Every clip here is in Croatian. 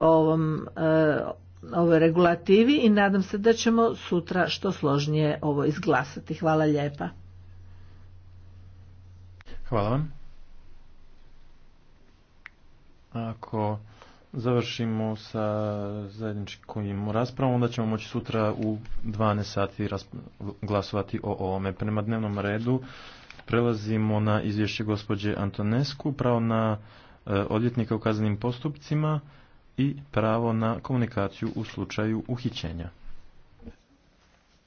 ovom e, ovoj regulativi i nadam se da ćemo sutra što složnije ovo izglasati. Hvala lijepa. Hvala vam. Ako završimo sa zajedničkom raspravom, onda ćemo moći sutra u 12 sati glasovati o ovome. Prema dnevnom redu prelazimo na izvješće gospođe Antonesku, pravo na e, odvjetnike u kaznenim postupcima i pravo na komunikaciju u slučaju uhićenja.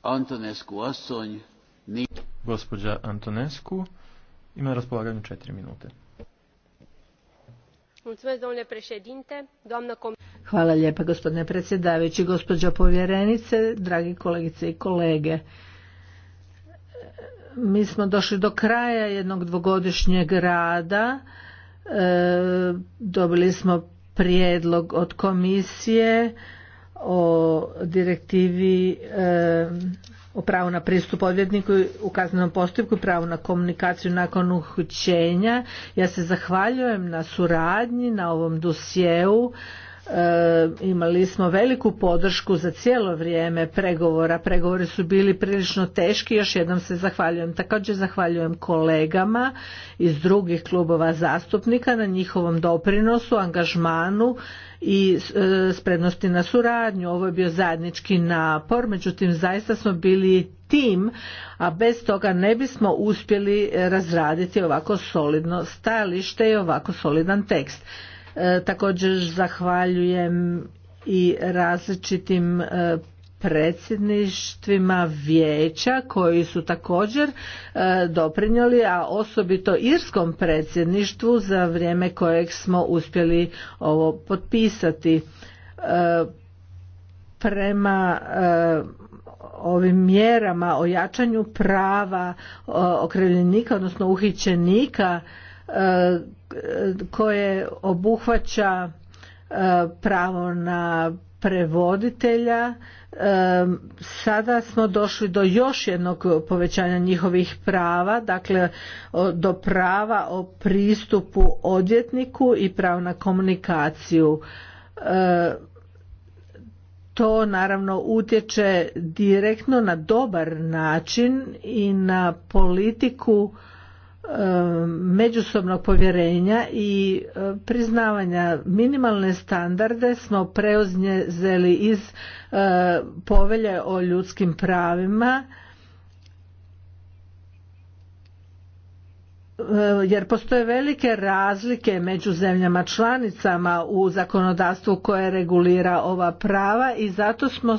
Antonescu Asonj. Ni... Gospođa Antonescu ima raspolaganje četiri minute. Hvala lijepa gospodine predsjedavajući, gospođo povjerenice, dragi kolegice i kolege. Mi smo došli do kraja jednog dvogodišnjeg rada, e, dobili smo prijedlog od komisije o direktivi o pravu na pristup odvjetniku u kaznenom postupku i pravu na komunikaciju nakon uhićenja. Ja se zahvaljujem na suradnji na ovom dosjeu. E, imali smo veliku podršku za cijelo vrijeme pregovora. Pregovori su bili prilično teški, još jednom se zahvaljujem. Također zahvaljujem kolegama iz drugih klubova zastupnika na njihovom doprinosu, angažmanu i e, sprednosti na suradnju. Ovo je bio zajednički napor, međutim zaista smo bili tim, a bez toga ne bismo uspjeli razraditi ovako solidno stajalište i ovako solidan tekst. E, također zahvaljujem i različitim e, predsjedništvima vijeća koji su također e, doprinijeli, a osobito irskom predsjedništvu za vrijeme kojeg smo uspjeli ovo potpisati. Prema ovim mjerama o jačanju prava okrivljenika, odnosno uhićenika, koje obuhvaća e, pravo na prevoditelja e, sada smo došli do još jednog povećanja njihovih prava dakle do prava o pristupu odvjetniku i pravo na komunikaciju e, to naravno utječe direktno na dobar način i na politiku Um, međusobnog povjerenja i um, priznavanja minimalne standarde smo preuzeli iz um, povelje o ljudskim pravima jer postoje velike razlike među zemljama članicama u zakonodavstvu koje regulira ova prava i zato smo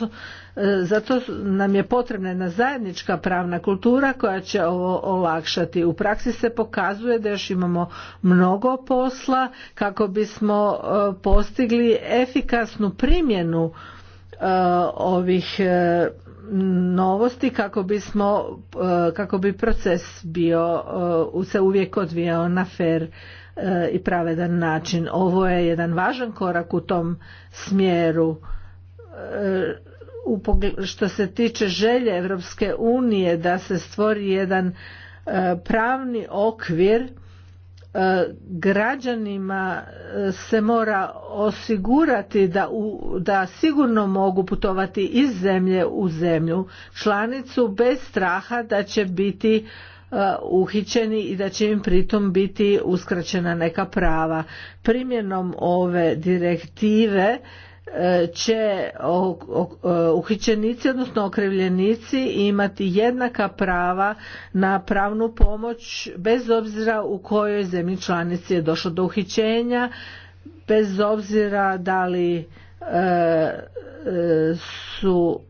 E, zato nam je potrebna jedna zajednička pravna kultura koja će ovo olakšati. U praksi se pokazuje da još imamo mnogo posla kako bismo e, postigli efikasnu primjenu e, ovih novosti kako bismo kako bi proces bio se uvijek odvijao na fer i pravedan način. Ovo je jedan važan korak u tom smjeru što se tiče želje Europske unije da se stvori jedan e, pravni okvir e, građanima e, se mora osigurati da, da sigurno mogu putovati iz zemlje u zemlju članicu bez straha da će biti uhićeni i da će im pritom biti uskraćena neka prava. Primjenom ove direktive će uhićenici odnosno okrivljenici imati jednaka prava na pravnu pomoć bez obzira u kojoj zemlji članici je došlo do uhićenja bez obzira da li e, e, su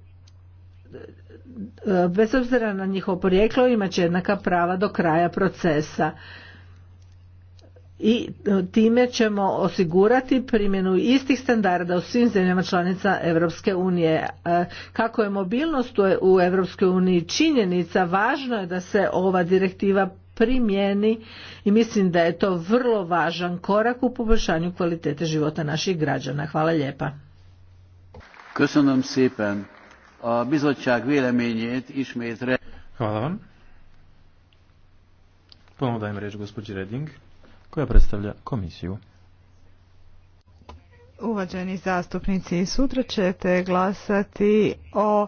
e, bez obzira na njihovo porijeklo imat će jednaka prava do kraja procesa i e, time ćemo osigurati primjenu istih standarda u svim zemljama članica Europske unije. E, kako je mobilnost u Europskoj uniji činjenica, važno je da se ova direktiva primjeni i mislim da je to vrlo važan korak u poboljšanju kvalitete života naših građana. Hvala lijepa. Hvala vam. Ponovno dajem reč gospođi Reding koja predstavlja komisiju. Uvaženi zastupnici, sutra ćete glasati o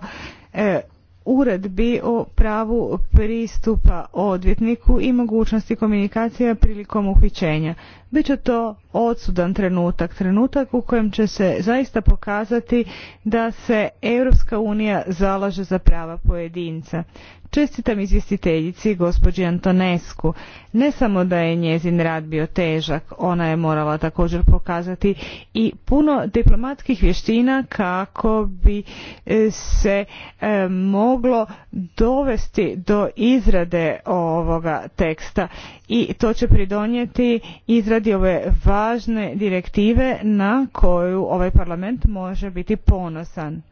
e, uredbi o pravu pristupa odvjetniku i mogućnosti komunikacija prilikom uhićenja će to odsudan trenutak, trenutak u kojem će se zaista pokazati da se Europska unija zalaže za prava pojedinca. Čestitam izvjestiteljici gospođi Antonesku. Ne samo da je njezin rad bio težak, ona je morala također pokazati i puno diplomatskih vještina kako bi e, se e, moglo dovesti do izrade ovoga teksta i to će pridonijeti izradi i ove važne direktive na koju ovaj parlament može biti ponosan.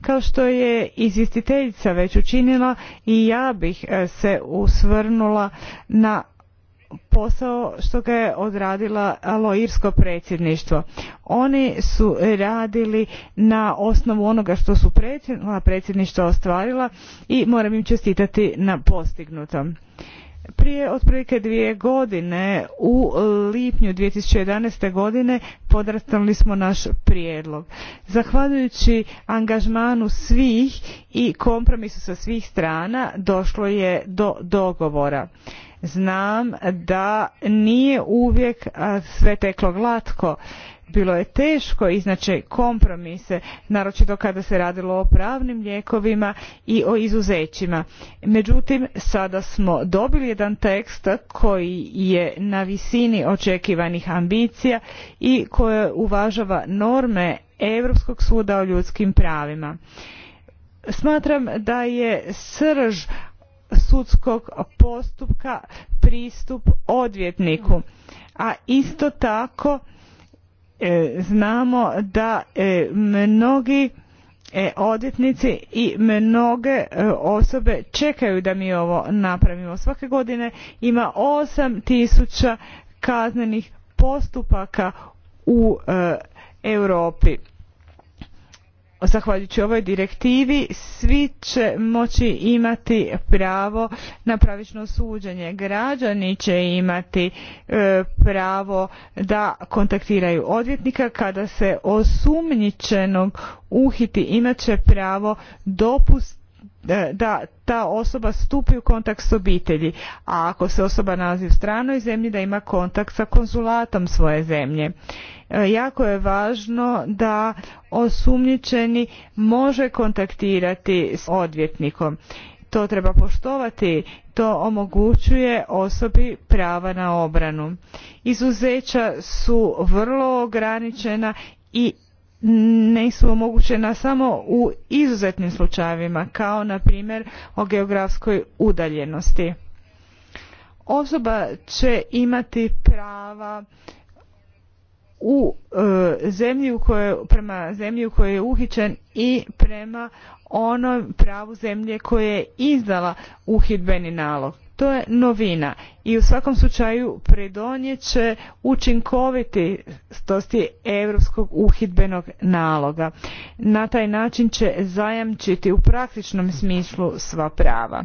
Kao što je izvjestiteljica već učinila i ja bih e, se usvrnula na posao što ga je odradila irsko predsjedništvo. Oni su radili na osnovu onoga što su predsjedništva ostvarila i moram im čestitati na postignutom prije otprilike dvije godine u e, lipnju 2011. godine podrastali smo naš prijedlog. Zahvaljujući angažmanu svih i kompromisu sa svih strana došlo je do dogovora. Znam da nije uvijek sve teklo glatko bilo je teško iznaći kompromise naročito kada se radilo o pravnim lijekovima i o izuzećima međutim sada smo dobili jedan tekst koji je na visini očekivanih ambicija i koji uvažava norme europskog suda o ljudskim pravima smatram da je srž sudskog postupka pristup odvjetniku a isto tako E, znamo da e, mnogi e, odvjetnici i mnoge osobe čekaju da mi ovo napravimo. Svake godine ima 8000 kaznenih postupaka u Europi zahvaljujući ovoj direktivi svi će moći imati pravo na pravično suđenje građani će imati e, pravo da kontaktiraju odvjetnika kada se osumnjičenog uhiti imat će pravo dopust da ta osoba stupi u kontakt s obitelji a ako se osoba nalazi u stranoj zemlji da ima kontakt sa konzulatom svoje zemlje e, jako je važno da osumnjičeni može kontaktirati s odvjetnikom to treba poštovati to omogućuje osobi prava na obranu izuzeća su vrlo ograničena i nisu omogućena samo u izuzetnim slučajevima kao na primjer o geografskoj udaljenosti. Osoba će imati prava u e, zemlji prema zemlji u kojoj je uhićen i prema onom pravu zemlje koje je izdala uhidbeni nalog to je novina i u svakom slučaju pridonijet će učinkovitosti europskog uhidbenog naloga. Na taj način će zajamčiti u praktičnom smislu sva prava.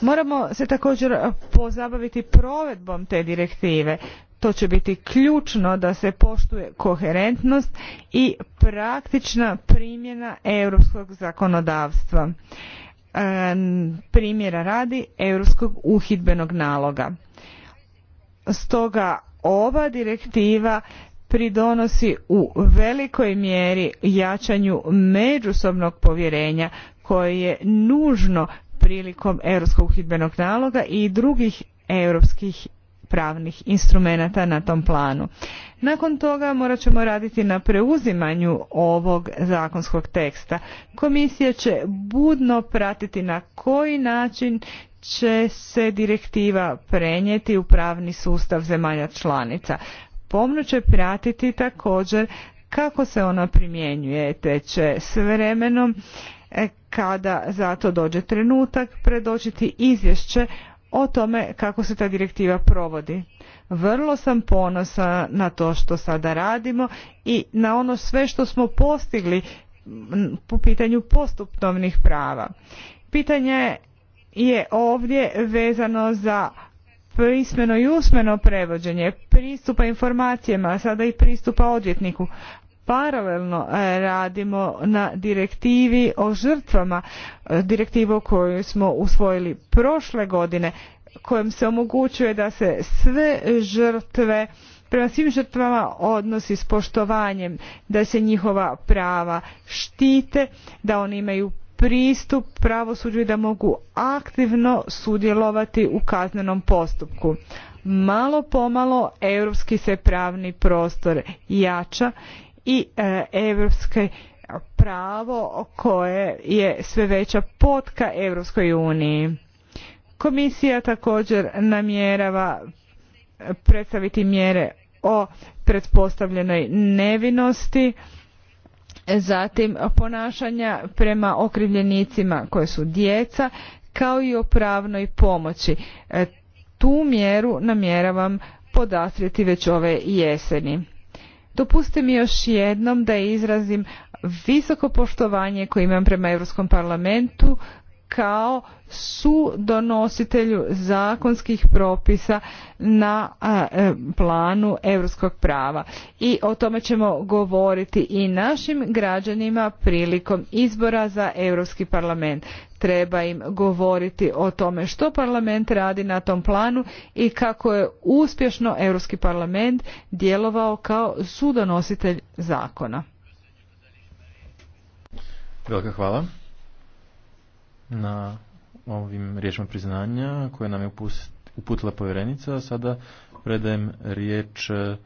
Moramo se također pozabaviti provedbom te direktive. To će biti ključno da se poštuje koherentnost i praktična primjena europskog zakonodavstva primjera radi europskog uhidbenog naloga. Stoga ova direktiva pridonosi u velikoj mjeri jačanju međusobnog povjerenja koje je nužno prilikom europskog uhidbenog naloga i drugih europskih pravnih instrumenata na tom planu. Nakon toga morat ćemo raditi na preuzimanju ovog zakonskog teksta. Komisija će budno pratiti na koji način će se direktiva prenijeti u pravni sustav zemalja članica. Pomno će pratiti također kako se ona primjenjuje, te će s vremenom e, kada za to dođe trenutak predočiti izvješće o tome kako se ta direktiva provodi. Vrlo sam ponosa na to što sada radimo i na ono sve što smo postigli po pitanju postupnovnih prava. Pitanje je ovdje vezano za pismeno i usmeno prevođenje, pristupa informacijama, sada i pristupa odvjetniku paralelno e, radimo na direktivi o žrtvama, e, direktivu koju smo usvojili prošle godine, kojom se omogućuje da se sve žrtve prema svim žrtvama odnosi s poštovanjem, da se njihova prava štite, da oni imaju pristup pravosuđu i da mogu aktivno sudjelovati u kaznenom postupku. Malo pomalo europski se pravni prostor jača i europske pravo koje je sve veća potka Europskoj uniji. Komisija također namjerava predstaviti mjere o pretpostavljenoj nevinosti, zatim ponašanja prema okrivljenicima koje su djeca, kao i o pravnoj pomoći. E, tu mjeru namjeravam podastrijeti već ove jeseni dopustite mi još jednom da izrazim visoko poštovanje koje imam prema Europskom parlamentu, kao su zakonskih propisa na e, planu europskog prava i o tome ćemo govoriti i našim građanima prilikom izbora za europski parlament treba im govoriti o tome što parlament radi na tom planu i kako je uspješno europski parlament djelovao kao sudonositelj zakona Velika hvala na ovim riječima priznanja koje nam je uputila povjerenica. Sada predajem riječ e,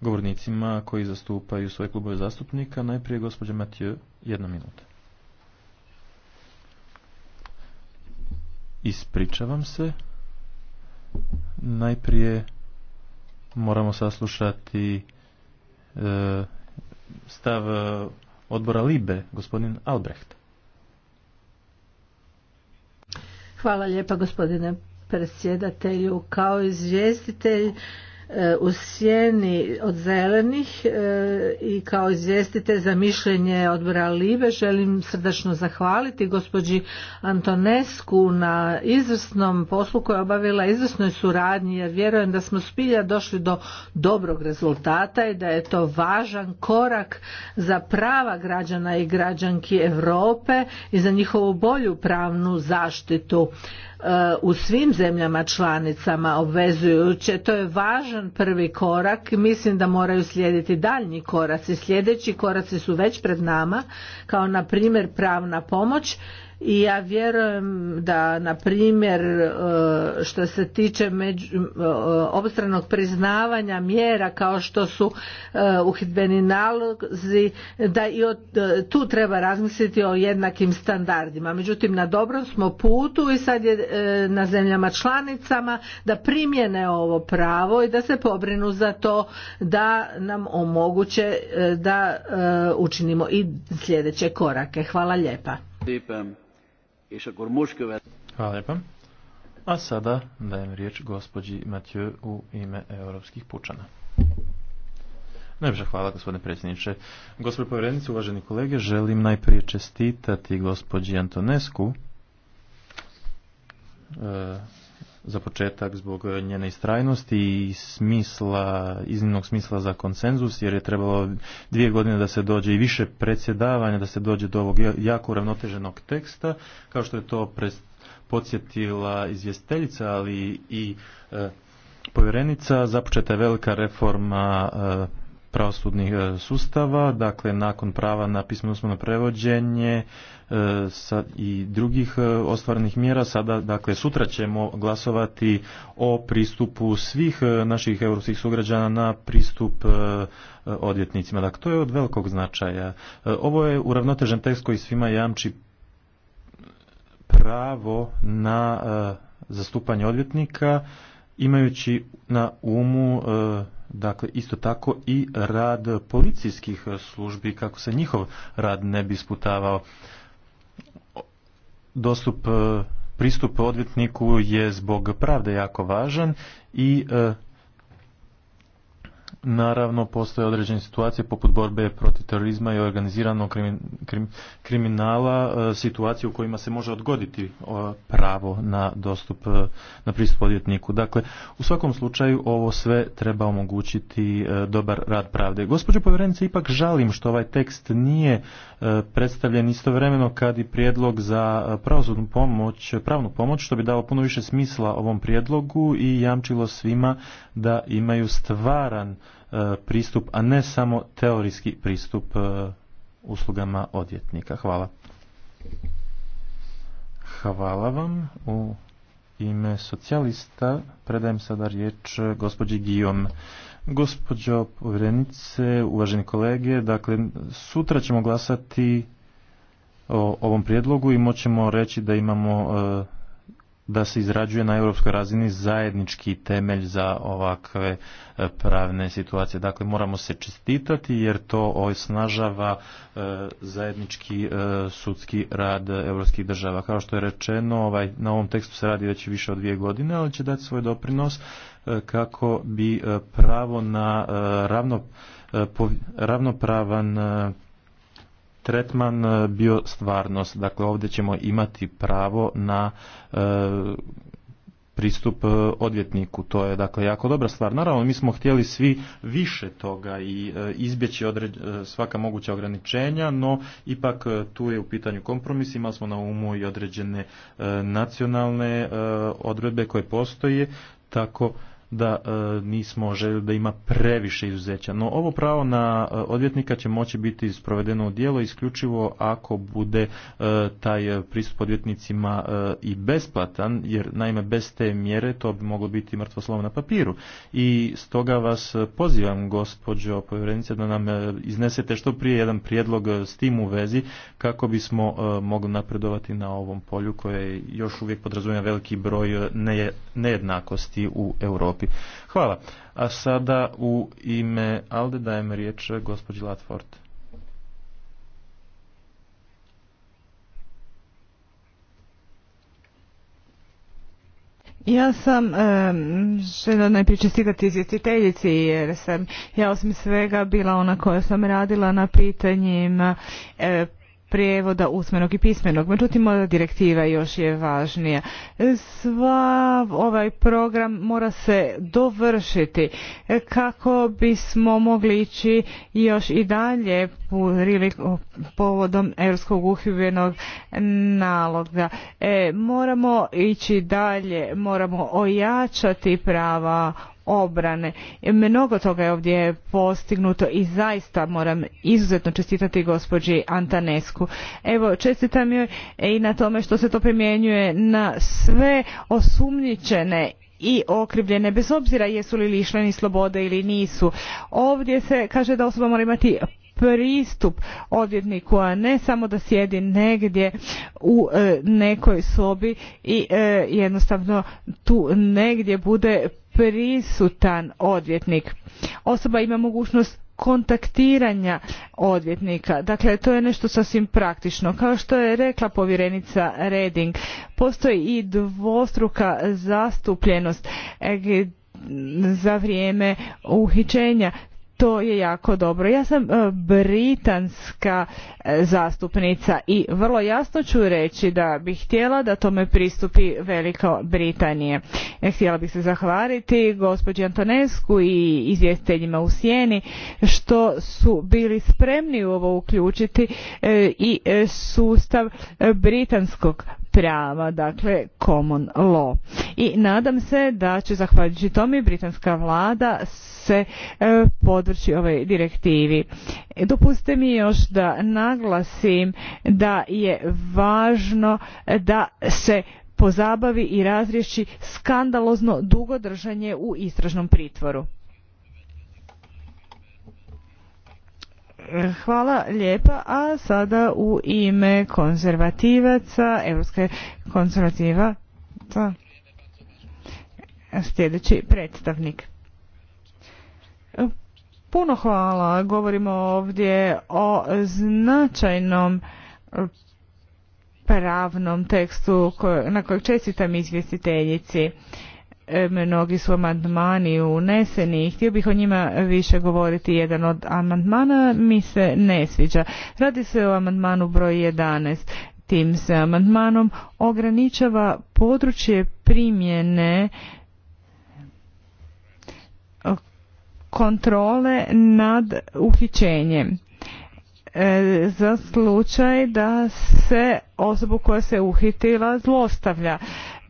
govornicima koji zastupaju svoje klubove zastupnika. Najprije gospođa matije jedna minuta. Ispričavam se. Najprije moramo saslušati e, stav e, odbora Libe, gospodin Albrecht. Hvala lijepa gospodine predsjedatelju. Kao izvjestitelj u sjeni od zelenih e, i kao izvjestite za mišljenje odbora Libe želim srdačno zahvaliti gospođi Antonesku na izvrsnom poslu koja je obavila izvrsnoj suradnji jer vjerujem da smo spilja došli do dobrog rezultata i da je to važan korak za prava građana i građanki Europe i za njihovu bolju pravnu zaštitu u svim zemljama članicama obvezujuće. To je važan prvi korak. Mislim da moraju slijediti daljnji koraci. Sljedeći koraci su već pred nama, kao na primjer pravna pomoć i ja vjerujem da na primjer e, što se tiče među, e, priznavanja mjera kao što su e, uhidbeni nalozi da i tu treba razmisliti o jednakim standardima međutim na dobrom smo putu i sad je na zemljama članicama da primjene ovo pravo i da se pobrinu za to da nam omoguće da učinimo i sljedeće korake hvala lijepa Hvala lijepa. A sada dajem riječ gospođi Mathieu u ime europskih pučana. Najviše hvala gospodine predsjedniče. Gospodine povjerenice uvaženi kolege, želim najprije čestitati gospođi Antonesku e, za početak zbog njene istrajnosti i smisla, iznimnog smisla za konsenzus, jer je trebalo dvije godine da se dođe i više predsjedavanja, da se dođe do ovog jako uravnoteženog teksta, kao što je to podsjetila izvjesteljica, ali i e, povjerenica, započeta je velika reforma e, pravosudnih e, sustava, dakle nakon prava na pismeno usmeno prevođenje e, i drugih e, ostvarenih mjera, sada dakle sutra ćemo glasovati o pristupu svih naših europskih sugrađana na pristup odvjetnicima. Dakle, to je od velikog značaja. Ovo je uravnotežen tekst koji svima jamči pravo na zastupanje odvjetnika imajući na umu Dakle, isto tako i rad policijskih službi, kako se njihov rad ne bi isputavao, Dostup, pristup odvjetniku je zbog pravde jako važan i e, Naravno, postoje određene situacije poput borbe protiv terorizma i organiziranog kriminala, e, situacije u kojima se može odgoditi e, pravo na dostup, e, na pristup odvjetniku. Dakle, u svakom slučaju ovo sve treba omogućiti dobar rad pravde. Gospođo povjerenice, ipak žalim što ovaj tekst nije predstavljen istovremeno kad i prijedlog za pravosudnu pomoć, pravnu pomoć, što bi dalo puno više smisla ovom prijedlogu i jamčilo svima da imaju stvaran E, pristup, a ne samo teorijski pristup e, uslugama odvjetnika. Hvala. Hvala vam. U ime socijalista predajem sada riječ e, gospođi Gijom. Gospođo povjerenice, uvaženi kolege, dakle sutra ćemo glasati o ovom prijedlogu i moćemo reći da imamo da se izrađuje na europskoj razini zajednički temelj za ovakve e, pravne situacije. Dakle, moramo se čestitati jer to osnažava e, zajednički e, sudski rad europskih država. Kao što je rečeno, ovaj, na ovom tekstu se radi već više od dvije godine, ali će dati svoj doprinos kako bi pravo na ravno, ravnopravan tretman e, bio stvarnost. Dakle, ovdje ćemo imati pravo na e, pristup e, odvjetniku. To je dakle jako dobra stvar. Naravno, mi smo htjeli svi više toga i izbjeći svaka moguća ograničenja, no ipak tu je u pitanju kompromis, imali smo na umu i određene nacionalne odredbe koje postoje, tako da e, nismo željeli da ima previše izuzeća. No ovo pravo na e, odvjetnika će moći biti sprovedeno u djelo isključivo ako bude e, taj pristup odvjetnicima e, i besplatan, jer naime bez te mjere to bi moglo biti mrtvo slovo na papiru. I stoga vas pozivam, gospođo povjerenice, da nam iznesete što prije jedan prijedlog s tim u vezi kako bismo mogli napredovati na ovom polju koje još uvijek podrazumijeva veliki broj nejednakosti u Europi. Hvala. A sada u ime Alde dajem riječ gospođi Latford. Ja sam e, željela najprije čestikati izvjestiteljici jer sam ja osim svega bila ona koja sam radila na pitanjima e, prijevoda usmenog i pismenog. Međutim, ova direktiva još je važnija. Sva ovaj program mora se dovršiti kako bismo mogli ići još i dalje povodom Europskog uhidbenog naloga. E, moramo ići dalje, moramo ojačati prava obrane. Mnogo toga je ovdje postignuto i zaista moram izuzetno čestitati gospođi Antanesku. Evo, čestitam joj i na tome što se to primjenjuje na sve osumnjičene i okrivljene bez obzira jesu li lišljeni slobode ili nisu. Ovdje se kaže da osoba mora imati pristup odvjetniku, a ne samo da sjedi negdje u e, nekoj sobi i e, jednostavno tu negdje bude prisutan odvjetnik. Osoba ima mogućnost kontaktiranja odvjetnika. Dakle, to je nešto sasvim praktično. Kao što je rekla povjerenica Reding, postoji i dvostruka zastupljenost e, za vrijeme uhićenja to je jako dobro. Ja sam e, britanska e, zastupnica i vrlo jasno ću reći da bih htjela da tome pristupi Velika Britanije. E, htjela bih se zahvaliti gospođi Antonesku i izvjestiteljima u Sjeni što su bili spremni u ovo uključiti i sustav britanskog prava, dakle common law. I nadam se da će zahvaljujući tome britanska vlada se e, podvrći ovoj direktivi. E, dopustite mi još da naglasim da je važno da se pozabavi i razriješi skandalozno dugo u istražnom pritvoru. Hvala lijepa, a sada u ime konzervativaca, europske konzervativa, sljedeći predstavnik. Puno hvala, govorimo ovdje o značajnom pravnom tekstu na kojeg čestitam izvjestiteljici. E, mnogi su amandmani uneseni i htio bih o njima više govoriti. Jedan od amandmana mi se ne sviđa. Radi se o amandmanu broj 11. Tim se amandmanom ograničava područje primjene e, kontrole nad uhićenjem e, za slučaj da se osobu koja se uhitila zlostavlja.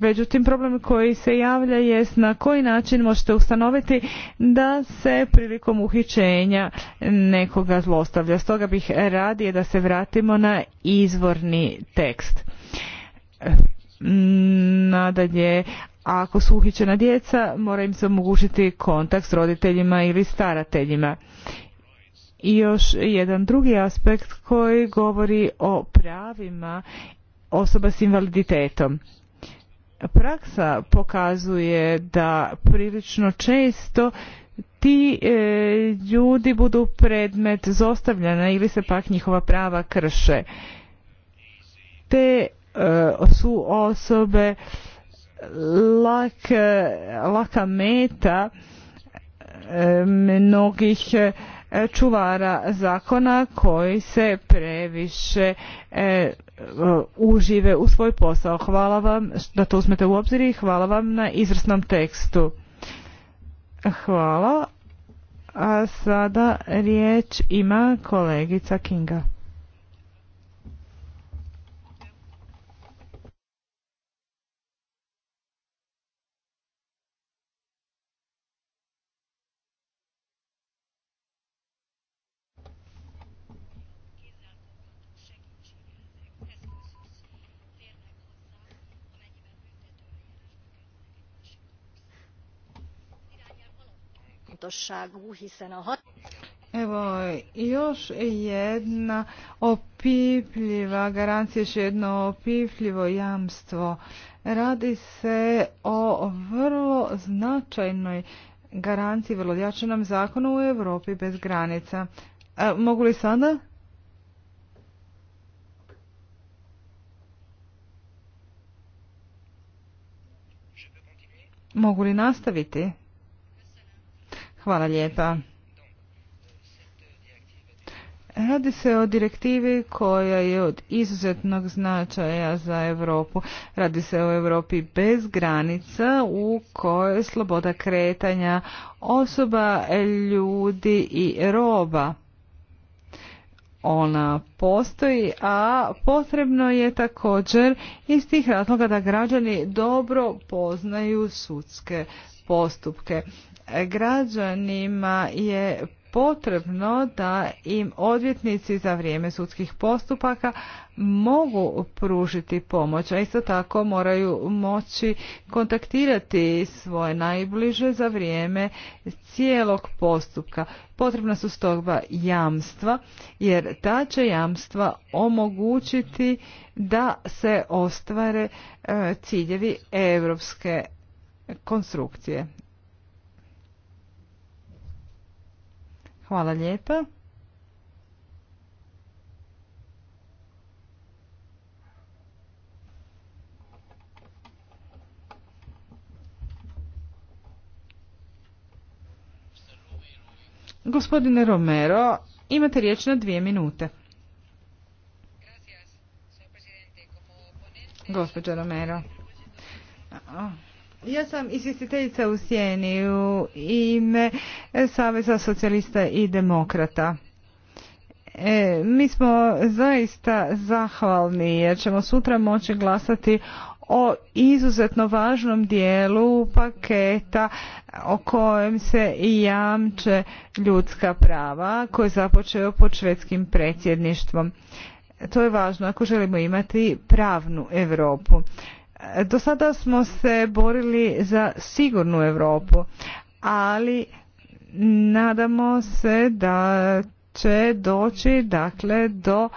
Međutim, problem koji se javlja jest na koji način možete ustanoviti da se prilikom uhićenja nekoga zlostavlja. Stoga bih radije da se vratimo na izvorni tekst. Nadalje, ako su uhićena djeca, mora im se omogućiti kontakt s roditeljima ili starateljima. I još jedan drugi aspekt koji govori o pravima osoba s invaliditetom praksa pokazuje da prilično često ti e, ljudi budu predmet zostavljena ili se pak njihova prava krše te e, su osobe lak, laka meta e, mnogih čuvara zakona koji se previše e, e, užive u svoj posao. Hvala vam da to uzmete u obzir i hvala vam na izvrsnom tekstu. Hvala. A sada riječ ima kolegica Kinga. fontosságú, hiszen a hat... Evo, još jedna opipljiva garancija, još jedno opipljivo jamstvo. Radi se o vrlo značajnoj garanciji, vrlo jačanom zakonu u Europi bez granica. E, mogu li sada? Mogu li nastaviti? Hvala lijepa. Radi se o direktivi koja je od izuzetnog značaja za Europu. Radi se o Europi bez granica u kojoj sloboda kretanja osoba, ljudi i roba. Ona postoji, a potrebno je također iz tih razloga da građani dobro poznaju sudske postupke građanima je potrebno da im odvjetnici za vrijeme sudskih postupaka mogu pružiti pomoć, a isto tako moraju moći kontaktirati svoje najbliže za vrijeme cijelog postupka. Potrebna su stoga jamstva, jer ta će jamstva omogućiti da se ostvare e, ciljevi europske konstrukcije. Hvala lijepa. Gospodine Romero, imate riječ na dvije minute. Gospodine Romero. Ja sam izvjestiteljica u Sjeni u ime Saveza socijalista i demokrata. E, mi smo zaista zahvalni jer ćemo sutra moći glasati o izuzetno važnom dijelu paketa o kojem se jamče ljudska prava koje je započeo pod švedskim predsjedništvom. To je važno ako želimo imati pravnu Europu. Do sada smo se borili za sigurnu Europu, ali nadamo se da će doći dakle do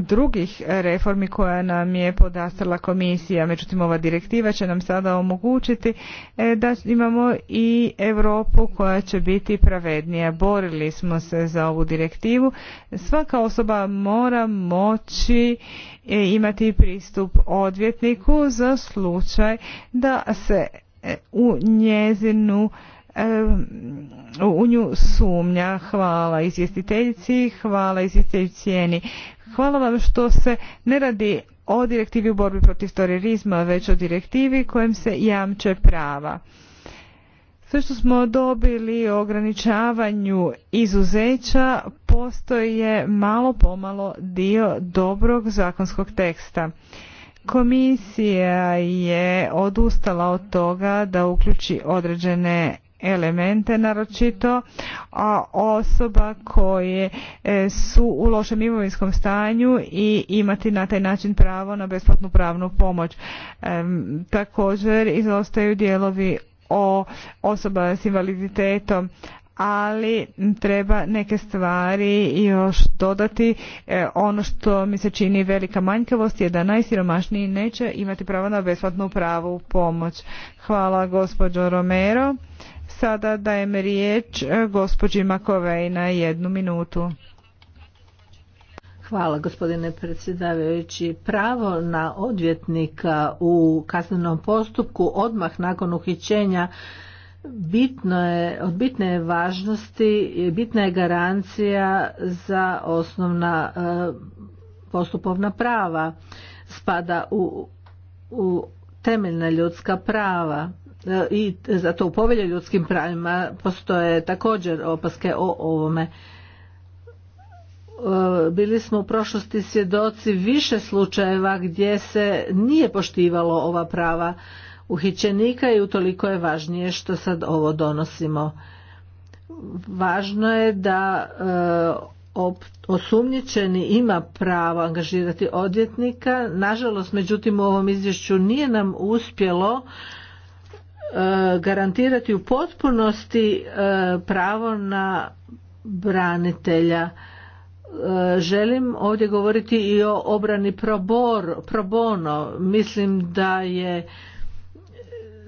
drugih reformi koja nam je podastrla komisija. Međutim, ova direktiva će nam sada omogućiti e, da imamo i Europu koja će biti pravednija. Borili smo se za ovu direktivu. Svaka osoba mora moći e, imati pristup odvjetniku za slučaj da se e, u njezinu u nju sumnja. Hvala izvjestiteljici, hvala izvjestiteljici cijeni. Hvala vam što se ne radi o direktivi u borbi protiv terorizma, već o direktivi kojem se jamče prava. Sve što smo dobili o ograničavanju izuzeća je malo pomalo dio dobrog zakonskog teksta. Komisija je odustala od toga da uključi određene elemente naročito a osoba koje e, su u lošem imovinskom stanju i imati na taj način pravo na besplatnu pravnu pomoć također izostaju dijelovi o osoba s invaliditetom ali treba neke stvari još dodati. E, ono što mi se čini velika manjkavost je da najsiromašniji neće imati pravo na besplatnu pravu pomoć. Hvala gospođo Romero. Sada dajem riječ e, gospođi Makovej na jednu minutu. Hvala gospodine predsjedavajući. Pravo na odvjetnika u kaznenom postupku odmah nakon uhićenja bitno je, od bitne je važnosti, bitna je garancija za osnovna e, postupovna prava, spada u, u temeljna ljudska prava e, i zato u povelju ljudskim pravima postoje također opaske o ovome. E, bili smo u prošlosti svjedoci više slučajeva gdje se nije poštivalo ova prava uhićenika i utoliko je važnije što sad ovo donosimo. Važno je da e, osumnjičeni ima pravo angažirati odvjetnika. Nažalost, međutim, u ovom izvješću nije nam uspjelo e, garantirati u potpunosti e, pravo na branitelja. Želim ovdje govoriti i o obrani pro bono. Mislim da je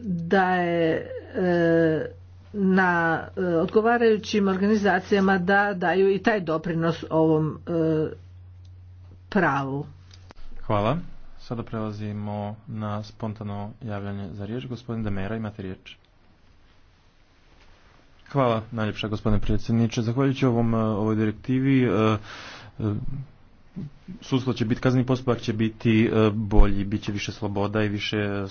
da je e, na e, odgovarajućim organizacijama da daju i taj doprinos ovom e, pravu. Hvala. Sada prelazimo na spontano javljanje za riječ. Gospodin Demera, imate riječ. Hvala najljepša gospodine predsjedniče. Zahvaljujući ovom, ovoj direktivi sudstvo će biti, kazneni postupak će biti e, bolji, bit će više sloboda i više e,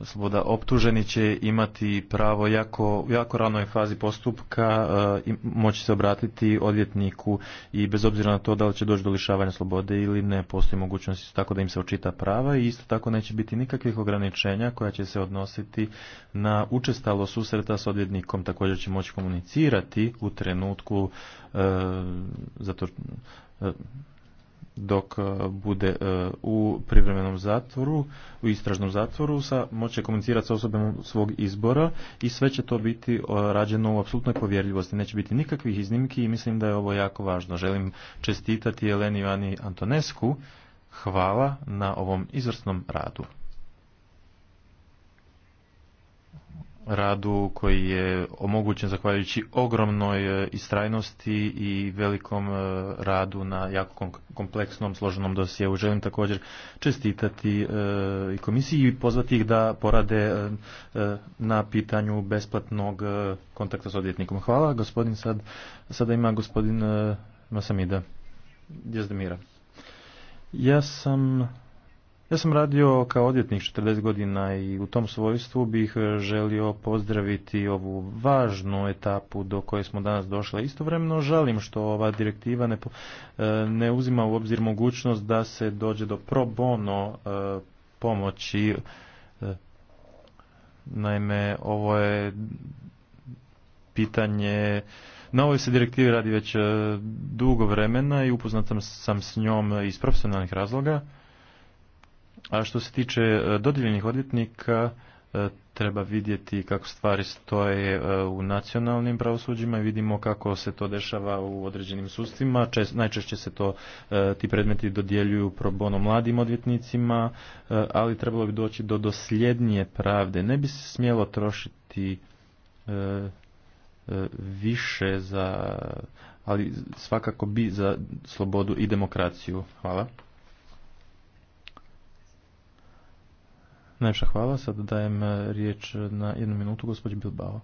sloboda. Optuženi će imati pravo jako, jako ranoj fazi postupka e, i moći se obratiti odvjetniku i bez obzira na to da li će doći do lišavanja slobode ili ne, postoji mogućnost tako da im se očita prava i isto tako neće biti nikakvih ograničenja koja će se odnositi na učestalo susreta s odvjetnikom. Također će moći komunicirati u trenutku zato dok e, bude e, u privremenom zatvoru, u istražnom zatvoru, sa, moće komunicirati sa osobom svog izbora i sve će to biti e, rađeno u apsolutnoj povjerljivosti. Neće biti nikakvih iznimki i mislim da je ovo jako važno. Želim čestitati Eleni Ivani Antonesku. Hvala na ovom izvrsnom radu. radu koji je omogućen zahvaljujući ogromnoj e, istrajnosti i velikom e, radu na jako kompleksnom, složenom dosjeu. Želim također čestitati e, i komisiji i pozvati ih da porade na pitanju besplatnog kontakta s odvjetnikom. Hvala. Gospodin sad, sada ima gospodin Masamida Djezdemira. Ja sam ja sam radio kao odvjetnik 40 godina i u tom svojstvu bih e, želio pozdraviti ovu važnu etapu do koje smo danas došli. Istovremeno žalim što ova direktiva ne, e, ne uzima u obzir mogućnost da se dođe do pro bono e, pomoći. Naime, ovo je pitanje na ovoj se direktivi radi već dugo vremena i upoznat sam s njom iz profesionalnih razloga. A što se tiče e, dodijeljenih odvjetnika, e, treba vidjeti kako stvari stoje e, u nacionalnim pravosuđima i vidimo kako se to dešava u određenim sustvima najčešće se to ti predmeti dodjeljuju pro bono mladim odvjetnicima, ali trebalo bi doći do dosljednije pravde. Ne bi se smjelo trošiti više za ali svakako bi za slobodu i demokraciju. Hvala. Najviše hvala. Sada dajem e, riječ na jednu minutu gospođi Bilbao.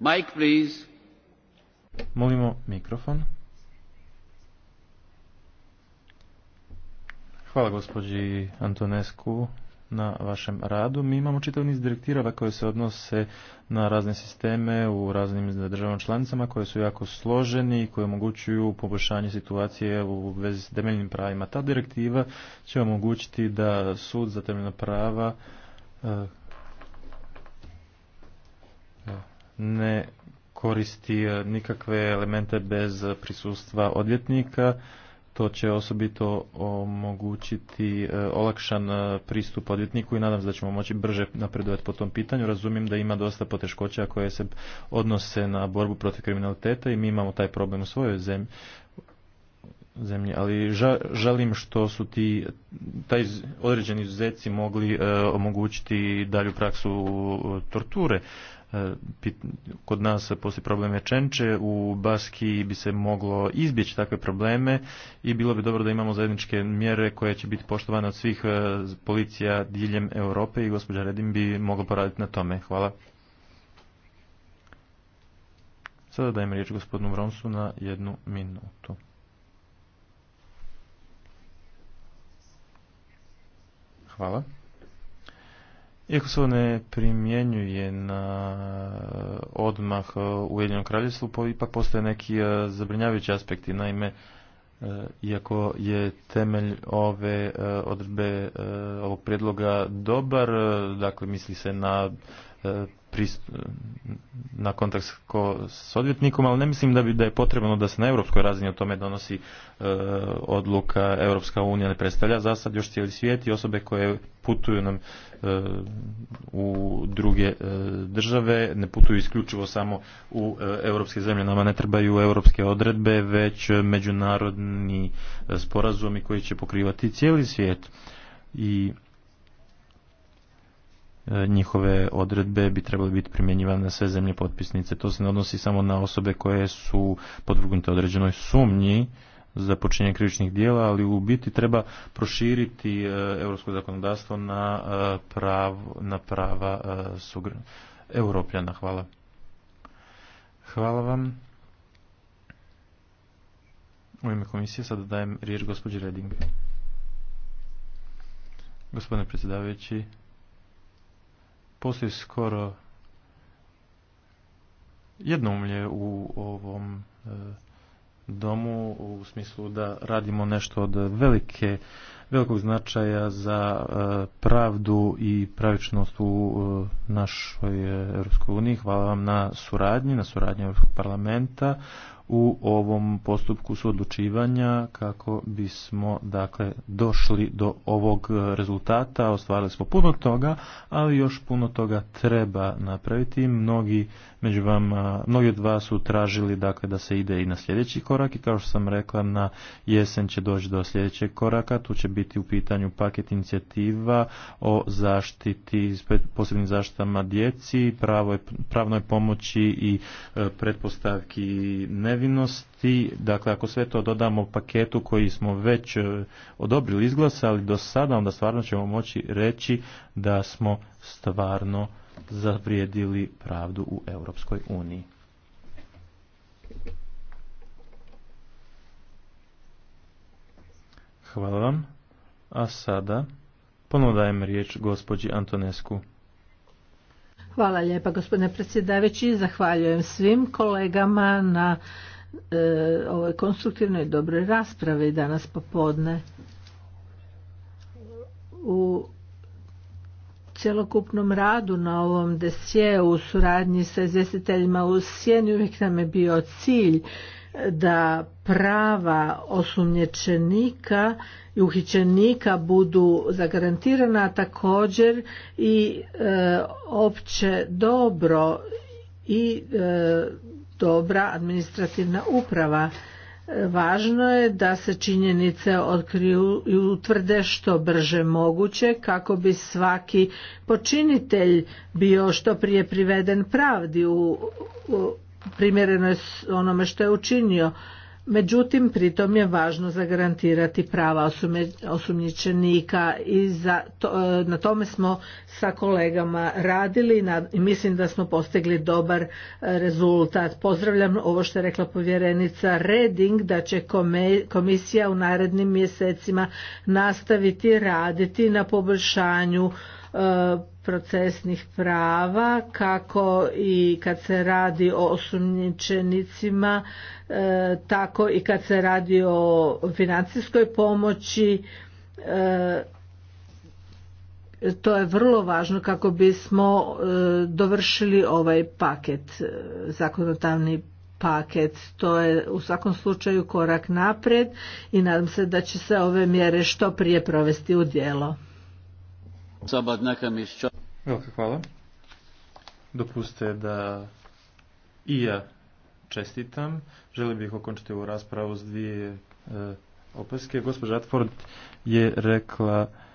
Mike, please. Molimo mikrofon. Hvala gospođi Antonescu na vašem radu. Mi imamo čitav niz direktirava koje se odnose na razne sisteme u raznim državama članicama koje su jako složeni i koje omogućuju poboljšanje situacije u vezi s temeljnim pravima. Ta direktiva će omogućiti da sud za temeljna prava e, e, ne koristi nikakve elemente bez prisustva odvjetnika to će osobito omogućiti e, olakšan e, pristup odvjetniku i nadam se da ćemo moći brže napredovati po tom pitanju. Razumijem da ima dosta poteškoća koje se odnose na borbu protiv kriminaliteta i mi imamo taj problem u svojoj zemlji zemlji, ali želim što su ti taj određeni izuzeci mogli e, omogućiti dalju praksu torture. E, kod nas postoji problem Čenče u Baski bi se moglo izbjeći takve probleme i bilo bi dobro da imamo zajedničke mjere koje će biti poštovane od svih e, policija diljem Europe i gospođa Redin bi mogla poraditi na tome. Hvala. Sada dajem riječ gospodinu Vronsu na jednu minutu. Hvala. Iako se ne primjenjuje na e, odmah e, u Jedinom kraljevstvu, ipak postoje neki e, zabrinjavajući aspekti. Naime, iako je temelj ove odredbe ovog prijedloga dobar, dakle misli se na na kontakt s odvjetnikom, ali ne mislim da bi da je potrebno da se na europskoj razini o tome donosi e, odluka Europska unija ne predstavlja za sad još cijeli svijet i osobe koje putuju nam e, u druge e, države ne putuju isključivo samo u europske zemlje, nama ne trebaju europske odredbe, već međunarodni sporazumi koji će pokrivati cijeli svijet i E, njihove odredbe bi trebale biti primjenjivane na sve zemlje potpisnice. To se ne odnosi samo na osobe koje su podvrgnute određenoj sumnji za počinjenje krivičnih dijela, ali u biti treba proširiti e, europsko zakonodavstvo na, e, na prava europljana. Hvala. Hvala vam. U ime komisije sada dajem riječ gospođi Reding. Gospodine predsjedavajući, postoji skoro jednoumlje u ovom e, domu u smislu da radimo nešto od velike velikog značaja za e, pravdu i pravičnost u e, našoj Europskoj uniji. Hvala vam na suradnji, na suradnji Europskog parlamenta u ovom postupku suodlučivanja kako bismo dakle došli do ovog rezultata. Ostvarili smo puno toga, ali još puno toga treba napraviti. Mnogi među vama, mnogi od vas su tražili dakle da se ide i na sljedeći korak i kao što sam rekla na jesen će doći do sljedećeg koraka. Tu će biti u pitanju paket inicijativa o zaštiti, posebnim zaštitama djeci, pravnoj pomoći i e, pretpostavki nevinosti. Dakle, ako sve to dodamo paketu koji smo već e, odobrili izglasali do sada, onda stvarno ćemo moći reći da smo stvarno zavrijedili pravdu u Europskoj uniji. Hvala vam. A sada ponudajem riječ gospođi Antonesku. Hvala lijepa gospodine predsjedavajući. Zahvaljujem svim kolegama na e, ovoj konstruktivnoj i dobroj raspravi danas popodne. U cjelokupnom radu na ovom desjeu u suradnji sa izvjestiteljima u Sjeni uvijek nam je bio cilj da prava osumnječenika i uhićenika budu zagarantirana također i e, opće dobro i e, dobra administrativna uprava Važno je da se činjenice otkriju i utvrde što brže moguće kako bi svaki počinitelj bio što prije priveden pravdi u, u primjereno je onome što je učinio. Međutim, pritom je važno zagarantirati prava osumnjičenika i za to, e, na tome smo sa kolegama radili i mislim da smo postigli dobar e, rezultat. Pozdravljam ovo što je rekla povjerenica Reding da će komisija u narednim mjesecima nastaviti raditi na poboljšanju E, procesnih prava kako i kad se radi o osumnjičenicima e, tako i kad se radi o financijskoj pomoći e, to je vrlo važno kako bismo dovršili ovaj paket zakonodavni paket. To je u svakom slučaju korak naprijed i nadam se da će se ove mjere što prije provesti u djelo. Velika hvala. Dopuste da i ja čestitam. Želim bih okončiti ovu raspravu s dvije e, opaske. Gospođa Atford je rekla